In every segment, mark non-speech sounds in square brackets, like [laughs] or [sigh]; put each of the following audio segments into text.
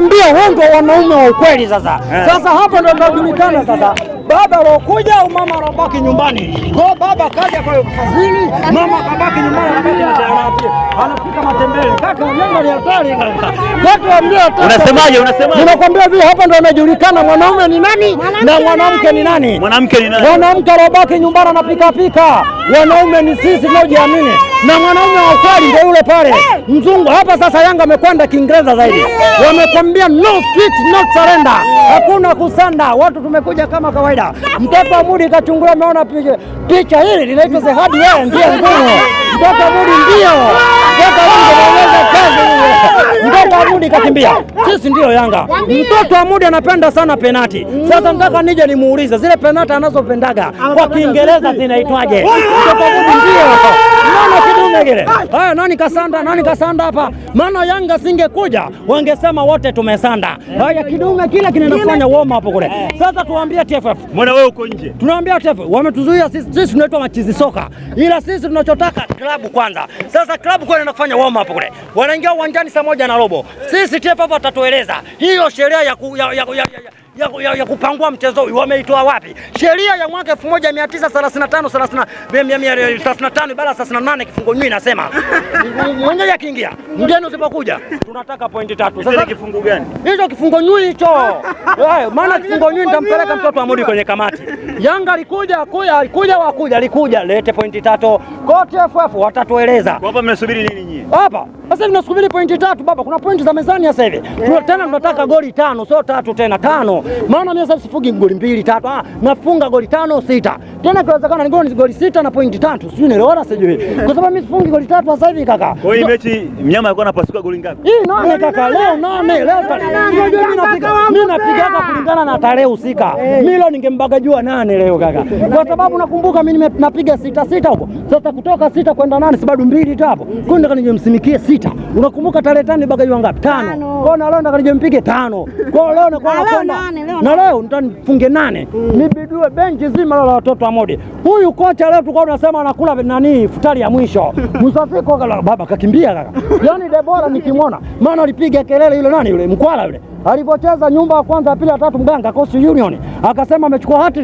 Nakwambia wao wanaume wa ukweli. Sasa eh. sasa hapo ndo tunajulikana sasa baba alokuja au mama alobaki nyumbani. Kwa baba kaja kwa kazini, mama kabaki nyumbani anapika matembele. Kaka mjengo ni hatari kaka. Unasemaje? Unasemaje? Ninakwambia vile hapa ndo anajulikana mwanaume ni nani na mwanamke ni nani. Mwanamke ni nani? Mwanamke alobaki nyumbani anapika pika. Wanaume ni sisi tunaojiamini na mwanaume wa kweli ndio yule pale mzungu. Hapa sasa Yanga amekwenda Kiingereza zaidi, wamekwambia no street no surrender, hakuna kusanda. Watu tumekuja kama kawaida. Mtoto Amudi kachungulia, ameona picha hili linaitwa Zehadi, yeye ndiye ngumu. Mtoto mudi ndio mtoto mudi kakimbia, sisi ndiyo Yanga. Mtoto mudi anapenda sana penati. Sasa nataka nije nimuulize zile penati anazopendaga kwa Kiingereza zinaitwaje? Mtoto mudi ndio Mnegere. Haya, nani kasanda? Nani kasanda hapa? Maana Yanga singekuja wangesema wote tumesanda. Haya, kidume kile kinaenda kufanya warm up kule. Sasa tuambie TFF. Mbona wewe uko nje? Tunaambia TFF wametuzuia sisi, sisi tunaitwa machizi soka, ila sisi tunachotaka klabu kwanza. Sasa klabu kwa inafanya warm up kule, wanaingia uwanjani saa moja na robo. Sisi TFF atatueleza hiyo sheria ya, ku, ya, ya, ya, ya, ya ya, ya, ya kupangua mchezo huu wameitoa wapi? Sheria ya mwaka 1935 35 ibara 38 kifungu nywi inasema [laughs] mwenyeji akiingia mgeni usipokuja tunataka pointi tatu. Sasa kifungu gani hicho? Kifungu nywi hicho, ah. maana kifungu nywi nitampeleka mtoto Amudi kwenye kamati. Yanga alikuja kuja alikuja wakuja alikuja lete pointi tatu wote FF watatueleza hapa mnasubiri nini nyinyi hapa. Sasa hivi tunasubiri pointi tatu baba, kuna pointi za mezani sasa hivi yeah. Tena tunataka goli tano, sio tatu tena, tano. Maana mimi sasa sifungi goli mbili tatu, ah, nafunga goli tano sita, tena kiwezekana ni goli goli sita na pointi tatu, sijui nielewana, sasa hivi. kwa sababu mimi sifungi goli tatu sasa hivi kaka. Kwa hiyo mechi mnyama alikuwa anapasuka goli ngapi? Hii nane kaka, leo nane, leo mimi napiga mimi napiga hapa kulingana na tarehe husika. Eh. Mimi leo ningembaga jua nane leo kaka, eh. kwa sababu nakumbuka mimi napiga sita sita huko sasa kutoka sita kwenda nane, si bado mbili tu hapo. Nataka nijemsimikie sita. Unakumbuka tarehe tano ibagaiwa ngapi? Tano. Kwa nini leo nataka nijempige tano. Kwa leo na leo nitanifunge nane. Mm liwe benchi zima la watoto wa Modi. Huyu kocha leo tulikuwa tunasema anakula nani futari ya mwisho [laughs] Msafiri koka baba kakimbia kaka, yaani Debora [laughs] nikimwona, maana alipiga kelele yule nani yule mkwala yule alipocheza nyumba ya kwanza pili ya tatu Mganga Coastal Union akasema amechukua hat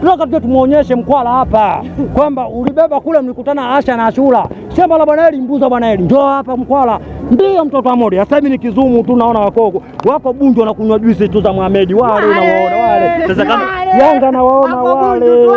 Tunataka tuje tumuonyeshe mkwala hapa [laughs] kwamba ulibeba kule, mlikutana Asha na Ashura, shamba la Bwana Eli mbuza Bwana Eli, Ndio hapa mkwala, ndio mtoto wa Modi. Sasa hivi ni kizumu tu, naona wako wako na kunywa juice tu za Mohamed wale, unawaona wale sasa kama Yanga nawaona wale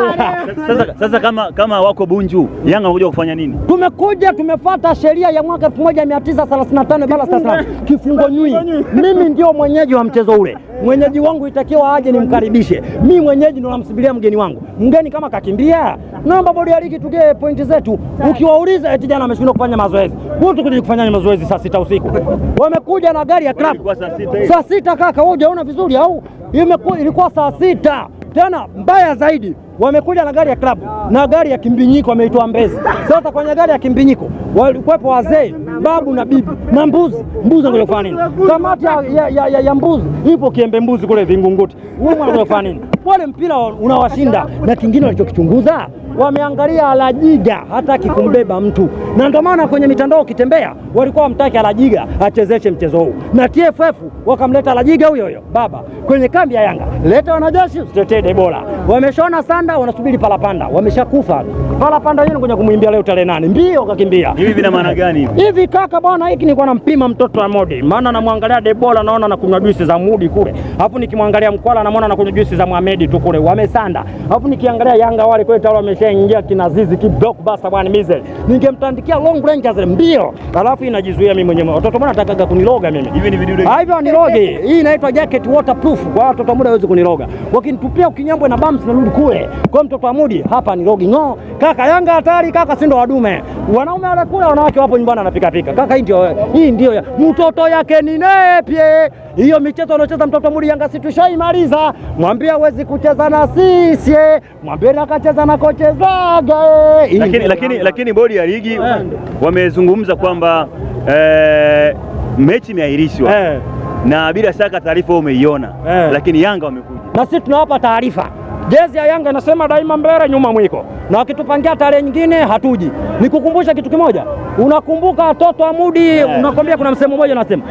sasa, sasa kama kama wako Bunju, Yanga wanakuja kufanya nini? Tumekuja tumefuata sheria ya mwaka 1935 bala sasa kifungo nywi. Mimi ndio mwenyeji wa mchezo ule, mwenyeji wangu itakiwa aje nimkaribishe. Mi mwenyeji ndo namsubiria mgeni wangu. Mgeni kama kakimbia, naomba bodi ya ligi tugee pointi zetu. Ukiwauliza eti eh, jana ameshindwa kufanya mazoezi, huyu tukuja kufanya mazoezi saa sita usiku, wamekuja na gari ya club saa sita. Kaka wewe hujaona vizuri au? ilikuwa saa sita, tena mbaya zaidi wamekuja na gari ya klabu na gari ya kimbinyiko wameitwa Mbezi. Sasa kwenye gari ya kimbinyiko walikuwepo wazee, babu na bibi na mbuzi. Mbuzi anakuja kufanya nini? Kamati ya, ya, ya, ya, mbuzi ipo Kiembe mbuzi kule Vingunguti, wewe anakuja kufanya nini? Wale mpira unawashinda, na kingine walichokichunguza wameangalia Alajiga hataki kumbeba mtu, na ndio maana kwenye mitandao ukitembea walikuwa wamtaki Alajiga achezeshe mchezo huu, na TFF wakamleta Alajiga huyo huyo baba kwenye kambi ya Yanga, leta wanajeshi usitetee Debora, wameshaona sana Palapanda wanasubiri palapanda, wameshakufa palapanda. Yeye ngoja kumwimbia leo tarehe nane mbio kakimbia. Hivi vina maana gani hivi kaka bwana? Hiki nilikuwa nampima mtoto wa Modi, maana namwangalia Debola naona anakunywa juisi za Mudi kule, alafu nikimwangalia Mkwala namwona anakunywa juisi za Mohamed tu kule, wamesanda. Alafu nikiangalia Yanga wale kule tayari wameshaingia kinazizi ki basa bwana mizeli, ningemtandikia Long Rangers mbio, alafu inajizuia mimi mwenyewe. Watoto bwana atakaga kuniloga mimi hivi ni video ah, hivi aniloge. [laughs] Hii inaitwa jacket waterproof kwa watoto muda hawezi kuniloga, wakinitupia ukinyambwe na bumps narudi kule kwa mtoto wa Mudi hapa ni rogi ng'o. Kaka Yanga hatari kaka, si ndo wadume wanaume wale kula, wanawake wapo nyumbani pika. kaka. Hii ndio hii ndio ya mtoto yake ni pia. Hiyo michezo anaocheza mtoto Mudi Yanga si tushaimaliza. Mwambie hawezi kucheza na sisi, mwambie akacheza na zaga. Lakini lakini lakini bodi ya ligi eh. wamezungumza kwamba eh, mechi imeahirishwa eh, na bila shaka taarifa umeiona eh, lakini Yanga wamekuja na sisi tunawapa taarifa Jezi ya Yanga inasema daima mbele, nyuma mwiko, na wakitupangia tarehe nyingine hatuji. Nikukumbusha kitu kimoja, unakumbuka watoto wa Mudi yeah. Unakwambia kuna msemo mmoja unasema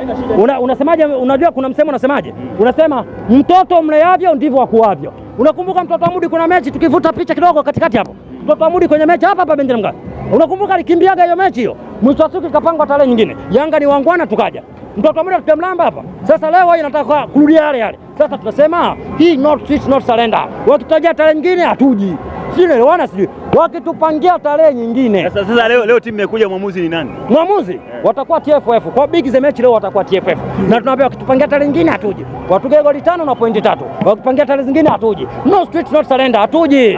una, unasemaje? Unajua kuna msemo unasemaje? Unasema mtoto mleavyo ndivyo akuavyo. Unakumbuka mtoto wa Mudi, kuna mechi tukivuta picha kidogo katikati hapo, mtoto wa Mudi kwenye mechi hapa hapa Benjamin Mkapa, unakumbuka alikimbiaga hiyo mechi hiyo, mwisho wa siku ikapangwa tarehe nyingine, Yanga ni wangwana, tukaja mtoto mmoja mlamba hapa. Sasa leo inataka kurudia yale yale. Sasa tunasema hii not switch not surrender. Wakitajia tarehe nyingine hatuji, sijui naelewana, sijui wakitupangia tarehe nyingine. Sasa, sasa leo, leo timu imekuja, mwamuzi ni nani? Mwamuzi yeah, watakuwa TFF kwa big za mechi leo watakuwa TFF na tunawaambia wakitupangia tarehe nyingine hatuji, watuge goli tano na pointi tatu, wakipangia tarehe zingine hatuji. No switch not surrender, hatuji.